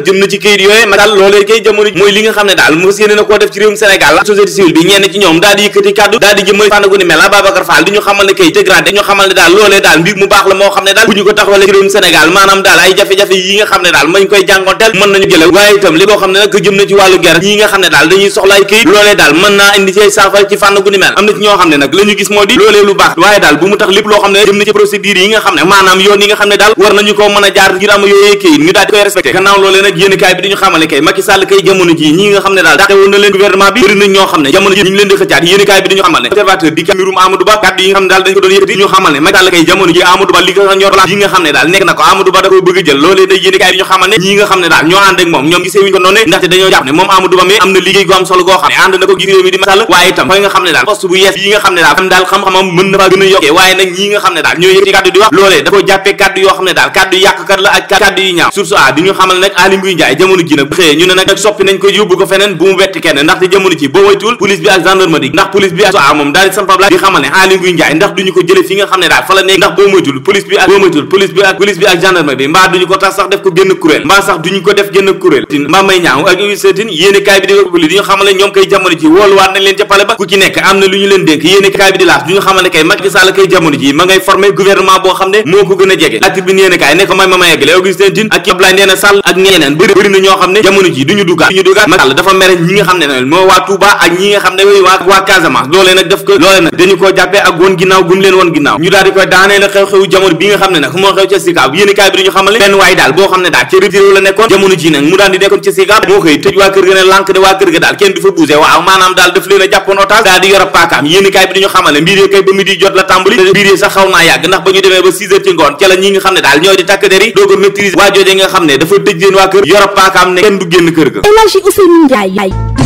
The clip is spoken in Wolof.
nag jëm na ci këyit yooye ma daal loolee kay jamono mooy li nga xam ne daal mu fas na koo def ci réewum Sénégal société civile bi ñenn ci ñoom daal di yëkkati kàddu daal di jëmale fànn gu ni ne daal loolee daal mbir mu baax la moo xam ne daal bu ñu ko taxawale ci réewum Sénégal maanaam daal ay jafe-jafe yi nga xam ne daal mañ koy jàngonteel mën nañu jële waaye itam li xam ne nag jëm na ci wàllu guerre ñi nga xam ne daal dañuy soxla ay këyit am ne nag la ñu gis moo di loolee lu baax waaye daal bu mu tax lépp loo xam ne jëm a loolee nekk na ko Amadou Ba da ko bëgg jël loolee nag yéen bi ñu xamal ne ñi nga xam ne daal ñoo ànd ak moom ñoom gisee wuñ ko noonu ndaxte dañoo xam ne daal poste bu yees yoo xam ne daal kàddu yàqkat la yu ñaaw source di ñu xamal nag Aly Ngouille jamono ji nag xëyee ñu ne nag soppi nañ ko yóbbu ko feneen bu mu wetti kenn ndaxte jamono ci boo moytuwul police bi ak gendarmerie xamal ne ak boo xamal ne ñoom kay jamono ji wooluwaat nañ leen ca pale ba ku ci nekk am na lu ñu leen dénk yéene bi di laas du ñu xamal ne kay Macky Sall kay jamono ji ma ngay formé gouvernement boo xam ne moo ko gën a jege la tribune yéene kaay ne ko may ma ma yeggale Augustin Tine ak Abdoulaye Ndéné Sall ak leneen bëri na ñoo xam ne jamono moo waa Touba ak ñi nga xam ne waa Casamance loolee nag def ko loolee nag dañu koo moo koy tëj waa kër ga ne lànk ne waa kër ga daal kenn du fa bougé waaw maanaam daal daf leen a jàppoon otage daal di yor paakaam yéen bi dañu xamal ne mbir kay ba mu di jot la tàmbali te mbir xaw naa yàgg ndax ba ñu demee ba six ci ngoon ca la nga xam ne daal ñoo di takk der yi doog a waa jooje nga xam ne dafa kër yor paakaam ne kenn du génn kër ga El Hadji Ousseynou Ndiaye